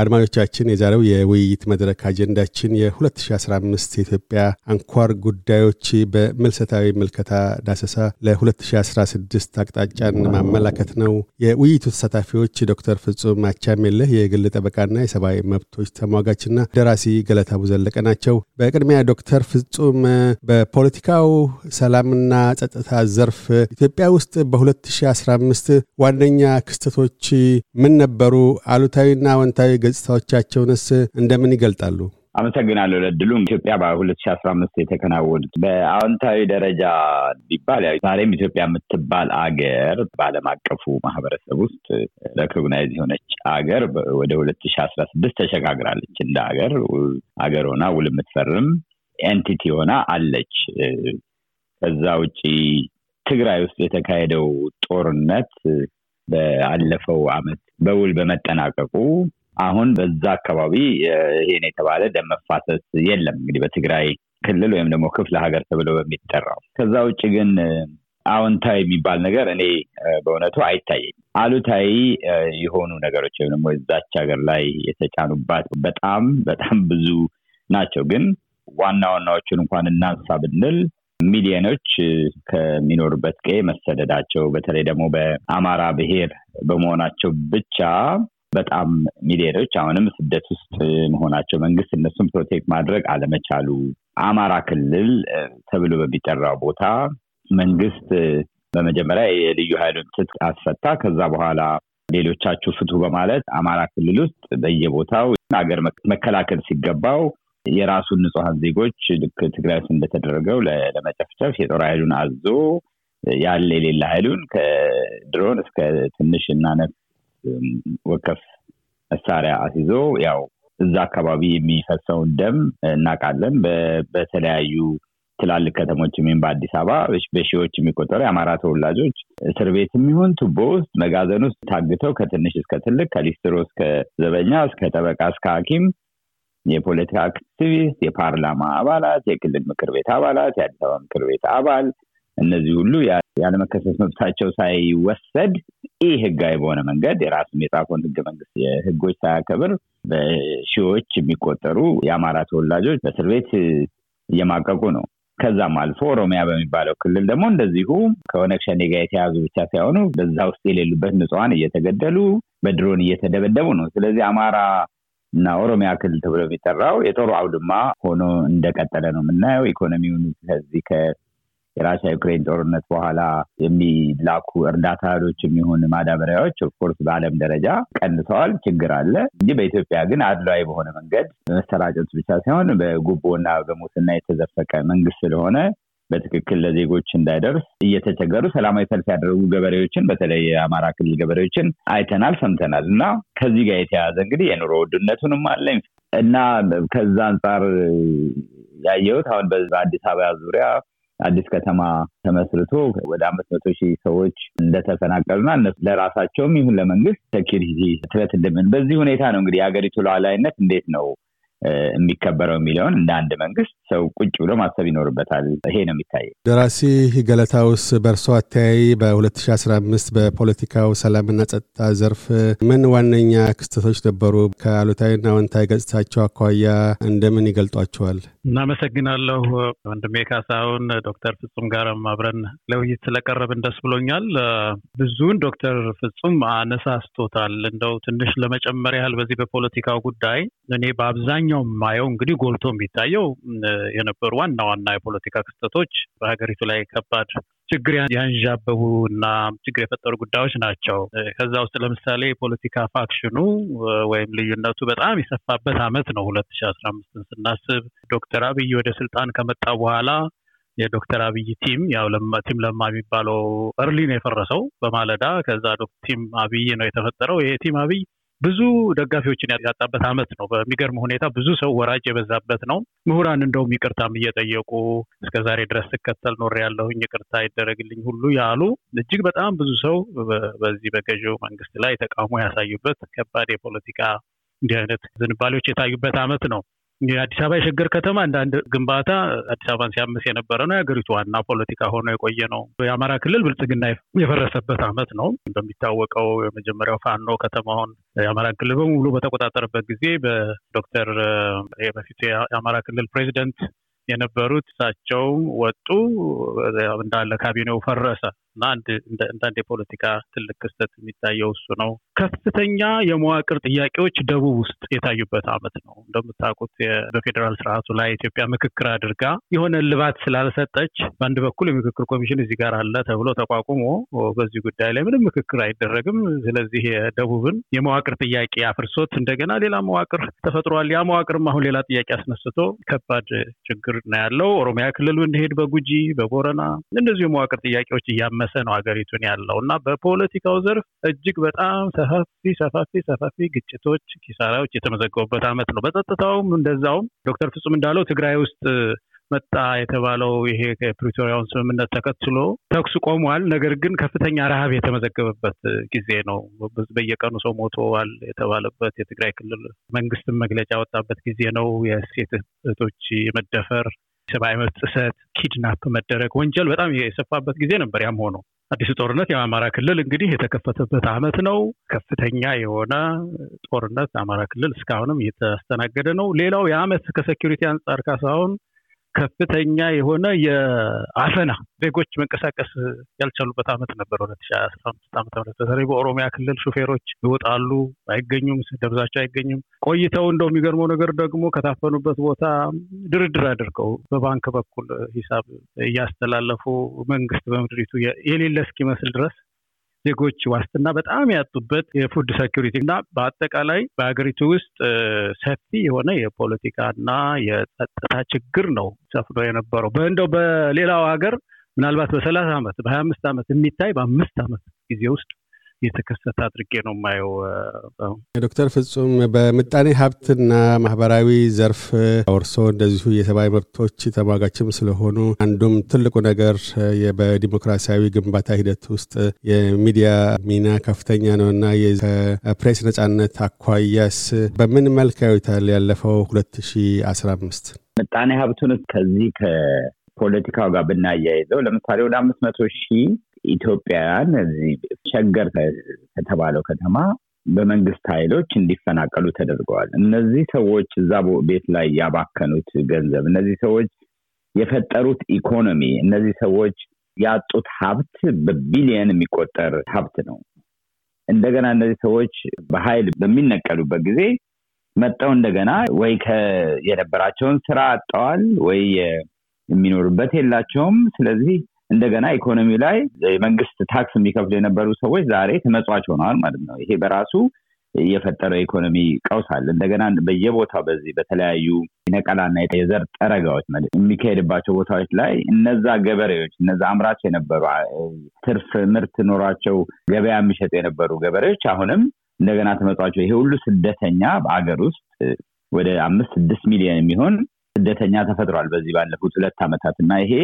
አድማጮቻችን የዛሬው የውይይት መድረክ አጀንዳችን የ2015 የኢትዮጵያ አንኳር ጉዳዮች በምልሰታዊ ምልከታ ዳሰሳ ለ2016 አቅጣጫን ማመላከት ነው። የውይይቱ ተሳታፊዎች ዶክተር ፍጹም አቻሜለህ የግል ጠበቃና የሰብአዊ መብቶች ተሟጋችና ደራሲ ገለታ ቡዘለቀ ናቸው። በቅድሚያ ዶክተር ፍጹም በፖለቲካው ሰላምና ጸጥታ ዘርፍ ኢትዮጵያ ውስጥ በ2015 ዋነኛ ክስተቶች ምን ነበሩ? አሉታዊና አዎንታዊ ገጽታዎቻቸውንስ እንደምን ይገልጣሉ? አመሰግናለሁ ለድሉም ኢትዮጵያ በሁለት ሺ አስራ አምስት የተከናወኑት በአዎንታዊ ደረጃ ቢባል ዛሬም ኢትዮጵያ የምትባል አገር በዓለም አቀፉ ማህበረሰብ ውስጥ ሬኮግናይዝ የሆነች አገር ወደ ሁለት ሺ አስራ ስድስት ተሸጋግራለች። እንደ አገር አገር ሆና ውል የምትፈርም ኤንቲቲ ሆና አለች። ከዛ ውጪ ትግራይ ውስጥ የተካሄደው ጦርነት በአለፈው አመት በውል በመጠናቀቁ አሁን በዛ አካባቢ ይሄን የተባለ ደም መፋሰስ የለም እንግዲህ በትግራይ ክልል ወይም ደግሞ ክፍለ ሀገር ተብሎ በሚጠራው። ከዛ ውጭ ግን አዎንታዊ የሚባል ነገር እኔ በእውነቱ አይታየኝ። አሉታዊ የሆኑ ነገሮች ወይም ደግሞ እዛች ሀገር ላይ የተጫኑባት በጣም በጣም ብዙ ናቸው። ግን ዋና ዋናዎቹን እንኳን እናንሳ ብንል ሚሊዮኖች ከሚኖሩበት ቀ መሰደዳቸው በተለይ ደግሞ በአማራ ብሄር በመሆናቸው ብቻ በጣም ሚሊዮኖች አሁንም ስደት ውስጥ መሆናቸው፣ መንግስት እነሱም ፕሮቴክት ማድረግ አለመቻሉ፣ አማራ ክልል ተብሎ በሚጠራው ቦታ መንግስት በመጀመሪያ የልዩ ኃይሉን ትጥቅ አስፈታ፣ ከዛ በኋላ ሌሎቻችሁ ፍቱ በማለት አማራ ክልል ውስጥ በየቦታው ሀገር መከላከል ሲገባው የራሱን ንጹሐን ዜጎች ልክ ትግራይ ውስጥ እንደተደረገው ለመጨፍጨፍ የጦር ሀይሉን አዞ ያለ የሌለ ሀይሉን ከድሮን እስከ ትንሽ እና ወከፍ መሳሪያ አስይዞ ያው እዛ አካባቢ የሚፈሰውን ደም እናውቃለን። በተለያዩ ትላልቅ ከተሞች የሚሆን በአዲስ አበባ በሺዎች የሚቆጠሩ የአማራ ተወላጆች እስር ቤት የሚሆን ቱቦ ውስጥ መጋዘን ውስጥ ታግተው ከትንሽ እስከ ትልቅ ከሊስትሮ እስከ ዘበኛ እስከ ጠበቃ እስከ ሀኪም የፖለቲካ አክቲቪስት፣ የፓርላማ አባላት፣ የክልል ምክር ቤት አባላት፣ የአዲስ አበባ ምክር ቤት አባል እነዚህ ሁሉ ያለመከሰስ መብታቸው ሳይወሰድ ኢ ህጋዊ በሆነ መንገድ የራሱም የጻፈውን ህገ መንግስት የህጎች ሳያከብር በሺዎች የሚቆጠሩ የአማራ ተወላጆች በእስር ቤት እየማቀቁ ነው። ከዛም አልፎ ኦሮሚያ በሚባለው ክልል ደግሞ እንደዚሁ ከኦነግ ሸኔ ጋር የተያዙ ብቻ ሳይሆኑ በዛ ውስጥ የሌሉበት ንጽዋን እየተገደሉ በድሮን እየተደበደቡ ነው። ስለዚህ አማራ እና ኦሮሚያ ክልል ተብሎ የሚጠራው የጦሩ አውድማ ሆኖ እንደቀጠለ ነው የምናየው። ኢኮኖሚውን ከዚህ የራሽያ ዩክሬን ጦርነት በኋላ የሚላኩ እርዳታ እህሎች የሚሆን ማዳበሪያዎች ኦፍኮርስ በአለም ደረጃ ቀንሰዋል። ችግር አለ እንጂ በኢትዮጵያ ግን አድሏዊ በሆነ መንገድ መሰራጨት ብቻ ሳይሆን በጉቦና በሙስና የተዘፈቀ መንግስት ስለሆነ በትክክል ለዜጎች እንዳይደርስ እየተቸገሩ ሰላማዊ ሰልፍ ያደረጉ ገበሬዎችን በተለይ የአማራ ክልል ገበሬዎችን አይተናል፣ ሰምተናል እና ከዚህ ጋር የተያዘ እንግዲህ የኑሮ ውድነቱንም አለ እና ከዛ አንጻር ያየሁት አሁን በአዲስ አበባ ዙሪያ አዲስ ከተማ ተመስርቶ ወደ አምስት መቶ ሺህ ሰዎች እንደተፈናቀሉና ለራሳቸውም ይሁን ለመንግስት ሴኪሪቲ ትረት እንደምን በዚህ ሁኔታ ነው እንግዲህ የሀገሪቱ ሉዓላዊነት እንዴት ነው የሚከበረው የሚለውን እንደ አንድ መንግስት ሰው ቁጭ ብሎ ማሰብ ይኖርበታል። ይሄ ነው የሚታየ። ደራሲ ገለታውስ በእርሶ አተያይ በ2015 በፖለቲካው ሰላምና ጸጥታ ዘርፍ ምን ዋነኛ ክስተቶች ነበሩ? ከአሉታዊና አዎንታዊ ገጽታቸው አኳያ እንደምን ይገልጧቸዋል? እናመሰግናለሁ ወንድሜ ካሳሁን። ዶክተር ፍጹም ጋርም አብረን ለውይይት ስለቀረብን ደስ ብሎኛል። ብዙውን ዶክተር ፍጹም አነሳስቶታል። እንደው ትንሽ ለመጨመር ያህል በዚህ በፖለቲካው ጉዳይ እኔ በአብዛኛው ሌላኛው ማየው እንግዲህ ጎልቶ የሚታየው የነበሩ ዋና ዋና የፖለቲካ ክስተቶች በሀገሪቱ ላይ ከባድ ችግር ያንዣበቡ እና ችግር የፈጠሩ ጉዳዮች ናቸው። ከዛ ውስጥ ለምሳሌ የፖለቲካ ፋክሽኑ ወይም ልዩነቱ በጣም የሰፋበት አመት ነው ሁለት ሺ አስራ አምስትን ስናስብ ዶክተር አብይ ወደ ስልጣን ከመጣ በኋላ የዶክተር አብይ ቲም ያው ቲም ለማ የሚባለው እርሊ ነው የፈረሰው በማለዳ። ከዛ ቲም አብይ ነው የተፈጠረው። ይሄ ቲም አብይ ብዙ ደጋፊዎችን ያጣበት አመት ነው። በሚገርም ሁኔታ ብዙ ሰው ወራጅ የበዛበት ነው። ምሁራን እንደውም ይቅርታም እየጠየቁ እስከ ዛሬ ድረስ ስከተል ኖር ያለሁኝ ይቅርታ ይደረግልኝ ሁሉ ያሉ እጅግ በጣም ብዙ ሰው በዚህ በገዢው መንግስት ላይ ተቃውሞ ያሳዩበት ከባድ የፖለቲካ እንዲህ አይነት ዝንባሌዎች የታዩበት አመት ነው። የአዲስ አበባ የሸገር ከተማ አንዳንድ ግንባታ አዲስ አበባን ሲያምስ የነበረ ነው። የሀገሪቱ ዋና ፖለቲካ ሆኖ የቆየ ነው። የአማራ ክልል ብልጽግና የፈረሰበት ዓመት ነው። እንደሚታወቀው የመጀመሪያው ፋኖ ከተማውን የአማራ ክልል በሙሉ በተቆጣጠረበት ጊዜ በዶክተር የበፊቱ የአማራ ክልል ፕሬዚደንት የነበሩት እሳቸው ወጡ፣ እንዳለ ካቢኔው ፈረሰ እና እንዳንድ የፖለቲካ ትልቅ ክስተት የሚታየው እሱ ነው። ከፍተኛ የመዋቅር ጥያቄዎች ደቡብ ውስጥ የታዩበት ዓመት ነው። እንደምታውቁት በፌዴራል ስርዓቱ ላይ ኢትዮጵያ ምክክር አድርጋ የሆነ ልባት ስላልሰጠች በአንድ በኩል የምክክር ኮሚሽን እዚህ ጋር አለ ተብሎ ተቋቁሞ በዚህ ጉዳይ ላይ ምንም ምክክር አይደረግም። ስለዚህ የደቡብን የመዋቅር ጥያቄ አፍርሶት እንደገና ሌላ መዋቅር ተፈጥሯል። ያ መዋቅርም አሁን ሌላ ጥያቄ አስነስቶ ከባድ ችግር ነው ያለው። ኦሮሚያ ክልል ብንሄድ በጉጂ በቦረና እንደዚሁ የመዋቅር ጥያቄዎች እያመሰ ነው ሀገሪቱን ያለው እና በፖለቲካው ዘርፍ እጅግ በጣም ሰፋፊ ሰፋፊ ሰፋፊ ግጭቶች፣ ኪሳራዎች የተመዘገቡበት ዓመት ነው። በጸጥታውም እንደዛውም ዶክተር ፍጹም እንዳለው ትግራይ ውስጥ መጣ የተባለው ይሄ የፕሪቶሪያውን ስምምነት ተከትሎ ተኩስ ቆሟል። ነገር ግን ከፍተኛ ረሃብ የተመዘገበበት ጊዜ ነው። በየቀኑ ሰው ሞቶዋል የተባለበት የትግራይ ክልል መንግስትን መግለጫ ወጣበት ጊዜ ነው። የሴት እህቶች የመደፈር ሰብአዊ መብት ጥሰት፣ ኪድናፕ መደረግ ወንጀል በጣም የሰፋበት ጊዜ ነበር። ያም ሆኖ አዲሱ ጦርነት የአማራ ክልል እንግዲህ የተከፈተበት ዓመት ነው። ከፍተኛ የሆነ ጦርነት አማራ ክልል እስካሁንም እየተስተናገደ ነው። ሌላው የዓመት ከሴኪሪቲ አንጻር ካሳሁን ከፍተኛ የሆነ የአፈና ዜጎች መንቀሳቀስ ያልቻሉበት አመት ነበር። ሁለት ሺ አስራ አምስት ዓመተ በተለይ በኦሮሚያ ክልል ሹፌሮች ይወጣሉ፣ አይገኙም፣ ደብዛቸው አይገኝም። ቆይተው እንደው የሚገርመው ነገር ደግሞ ከታፈኑበት ቦታ ድርድር አድርገው በባንክ በኩል ሂሳብ እያስተላለፉ መንግስት በምድሪቱ የሌለ እስኪመስል ድረስ ዜጎች ዋስትና በጣም ያጡበት የፉድ ሴኩሪቲ እና በአጠቃላይ በሀገሪቱ ውስጥ ሰፊ የሆነ የፖለቲካና የጸጥታ ችግር ነው ሰፍኖ የነበረው። በእንደው በሌላው ሀገር ምናልባት በሰላሳ ዓመት በሀያ አምስት ዓመት የሚታይ በአምስት ዓመት ጊዜ ውስጥ የተከሰተ አድርጌ ነው የማየው። ዶክተር ፍጹም በምጣኔ ሀብትና ማህበራዊ ዘርፍ ወርሶ እንደዚሁ የሰብአዊ መብቶች ተሟጋችም ስለሆኑ አንዱም ትልቁ ነገር በዲሞክራሲያዊ ግንባታ ሂደት ውስጥ የሚዲያ ሚና ከፍተኛ ነው እና ከፕሬስ ነጻነት አኳያስ በምን መልክ ያዩታል? ያለፈው 2015 ምጣኔ ሀብቱን ከዚህ ከፖለቲካው ጋር ብናያይዘው ለምሳሌ ወደ አምስት መቶ ሺህ ኢትዮጵያውያን እዚህ ሸገር ከተባለው ከተማ በመንግስት ኃይሎች እንዲፈናቀሉ ተደርገዋል። እነዚህ ሰዎች እዛ ቤት ላይ ያባከኑት ገንዘብ፣ እነዚህ ሰዎች የፈጠሩት ኢኮኖሚ፣ እነዚህ ሰዎች ያጡት ሀብት በቢሊየን የሚቆጠር ሀብት ነው። እንደገና እነዚህ ሰዎች በኃይል በሚነቀሉበት ጊዜ መጠው እንደገና ወይ የነበራቸውን ስራ አጠዋል፣ ወይ የሚኖሩበት የላቸውም። ስለዚህ እንደገና ኢኮኖሚ ላይ የመንግስት ታክስ የሚከፍሉ የነበሩ ሰዎች ዛሬ ተመጽዋች ሆነዋል ማለት ነው። ይሄ በራሱ የፈጠረው ኢኮኖሚ ቀውስ አለ። እንደገና በየቦታው በዚህ በተለያዩ ነቀላና የዘር ጠረጋዎች ማለት የሚካሄድባቸው ቦታዎች ላይ እነዛ ገበሬዎች እነዛ አምራች የነበሩ ትርፍ ምርት ኖሯቸው ገበያ የሚሸጡ የነበሩ ገበሬዎች አሁንም እንደገና ተመጽዋቸው ይሄ ሁሉ ስደተኛ በአገር ውስጥ ወደ አምስት ስድስት ሚሊዮን የሚሆን ስደተኛ ተፈጥሯል በዚህ ባለፉት ሁለት ዓመታት እና ይሄ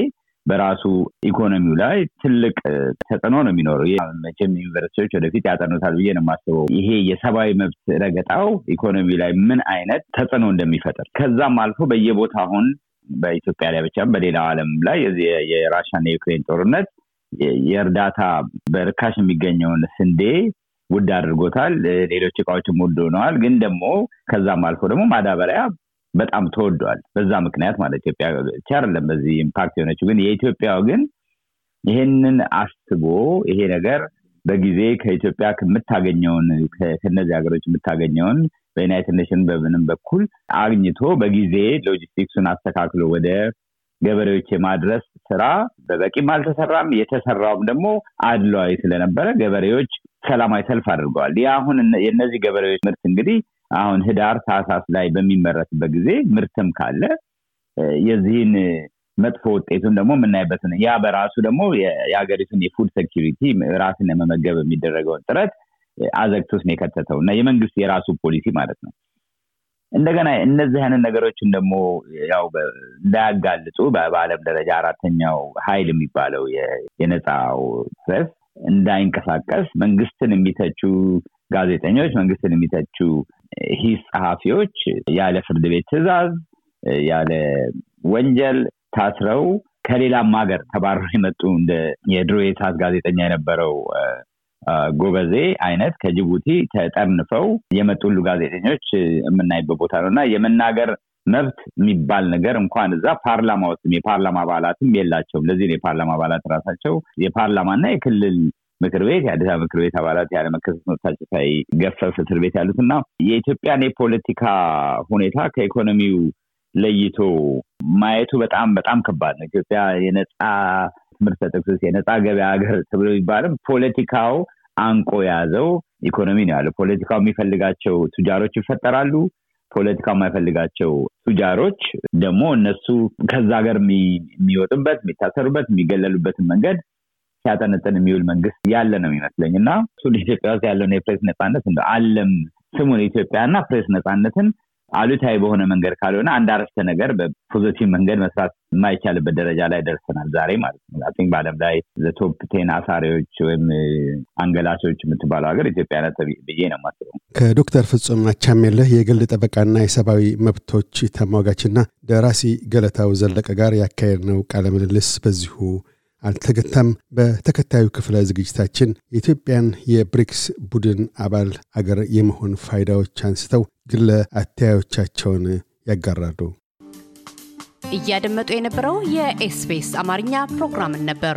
በራሱ ኢኮኖሚው ላይ ትልቅ ተጽዕኖ ነው የሚኖረው። መቼም ዩኒቨርሲቲዎች ወደፊት ያጠኑታል ብዬ ነው የማስበው። ይሄ የሰብአዊ መብት ረገጣው ኢኮኖሚ ላይ ምን አይነት ተጽዕኖ እንደሚፈጥር ከዛም አልፎ በየቦታ አሁን በኢትዮጵያ ላይ ብቻም በሌላው ዓለም ላይ የራሽያና የዩክሬን ጦርነት የእርዳታ በርካሽ የሚገኘውን ስንዴ ውድ አድርጎታል። ሌሎች እቃዎችም ውድ ሆነዋል። ግን ደግሞ ከዛም አልፎ ደግሞ ማዳበሪያ በጣም ተወዷል። በዛ ምክንያት ማለት ኢትዮጵያ ብቻ አይደለም በዚህ ኢምፓክት የሆነችው ግን የኢትዮጵያ ግን ይሄንን አስቦ ይሄ ነገር በጊዜ ከኢትዮጵያ ከምታገኘውን ከነዚህ ሀገሮች የምታገኘውን በዩናይትድ ኔሽን በምንም በኩል አግኝቶ በጊዜ ሎጂስቲክሱን አስተካክሎ ወደ ገበሬዎች የማድረስ ስራ በበቂም አልተሰራም። የተሰራውም ደግሞ አድለዋይ ስለነበረ ገበሬዎች ሰላማዊ ሰልፍ አድርገዋል። ያ አሁን የእነዚህ ገበሬዎች ምርት እንግዲህ አሁን ህዳር ታሳስ ላይ በሚመረትበት ጊዜ ምርትም ካለ የዚህን መጥፎ ውጤቱን ደግሞ የምናይበት ነው። ያ በራሱ ደግሞ የሀገሪቱን የፉድ ሴኪሪቲ ራስን ለመመገብ የሚደረገውን ጥረት አዘግቶስ ነው የከተተው እና የመንግስት የራሱ ፖሊሲ ማለት ነው። እንደገና እነዚህ አይነት ነገሮችን ደግሞ ያው እንዳያጋልጡ በአለም ደረጃ አራተኛው ኃይል የሚባለው የነፃው ፕሬስ እንዳይንቀሳቀስ መንግስትን የሚተቹ ጋዜጠኞች፣ መንግስትን የሚተቹ ሂስ ጸሐፊዎች ያለ ፍርድ ቤት ትዕዛዝ ያለ ወንጀል ታስረው ከሌላም ሀገር ተባረው የመጡ እንደ የድሮ የሳት ጋዜጠኛ የነበረው ጎበዜ አይነት ከጅቡቲ ተጠርንፈው የመጡ ሁሉ ጋዜጠኞች የምናይበት ቦታ ነው እና የመናገር መብት የሚባል ነገር እንኳን እዛ ፓርላማ ውስጥም የፓርላማ አባላትም የላቸውም። ለዚህ የፓርላማ አባላት ራሳቸው የፓርላማና የክልል ምክር ቤት የአዲስ አበባ ምክር ቤት አባላት ያለመከሰስ መብታቸው ሳይገፈፍ እስር ቤት ያሉት እና የኢትዮጵያን የፖለቲካ ሁኔታ ከኢኮኖሚው ለይቶ ማየቱ በጣም በጣም ከባድ ነው። ኢትዮጵያ የነፃ ትምህርት ተጠቅሶ የነፃ ገበያ ሀገር ተብሎ ቢባልም ፖለቲካው አንቆ የያዘው ኢኮኖሚ ነው ያለው። ፖለቲካው የሚፈልጋቸው ቱጃሮች ይፈጠራሉ። ፖለቲካው የማይፈልጋቸው ቱጃሮች ደግሞ እነሱ ከዛ ሀገር የሚወጡበት፣ የሚታሰሩበት፣ የሚገለሉበትን መንገድ ሲያጠነጥን የሚውል መንግስት ያለ ነው የሚመስለኝ እና እሱ ኢትዮጵያ ውስጥ ያለውን የፕሬስ ነፃነት እንደ አለም ስሙን ኢትዮጵያና ፕሬስ ነፃነትን አሉታዊ በሆነ መንገድ ካልሆነ አንድ አረፍተ ነገር በፖዘቲቭ መንገድ መስራት የማይቻልበት ደረጃ ላይ ደርሰናል ዛሬ ማለት ነው። ቲንክ በአለም ላይ ዘቶፕ ቴን አሳሪዎች ወይም አንገላቾች የምትባለው ሀገር ኢትዮጵያ ነት ብዬ ነው የማስበው። ከዶክተር ፍጹም አቻሜለህ የግል ጠበቃና የሰብአዊ መብቶች ተሟጋችና ደራሲ ገለታው ዘለቀ ጋር ያካሄድ ነው ቃለምልልስ በዚሁ አልተገታም። በተከታዩ ክፍለ ዝግጅታችን የኢትዮጵያን የብሪክስ ቡድን አባል አገር የመሆን ፋይዳዎች አንስተው ግለ አተያዮቻቸውን ያጋራሉ። እያደመጡ የነበረው የኤስቢኤስ አማርኛ ፕሮግራምን ነበር።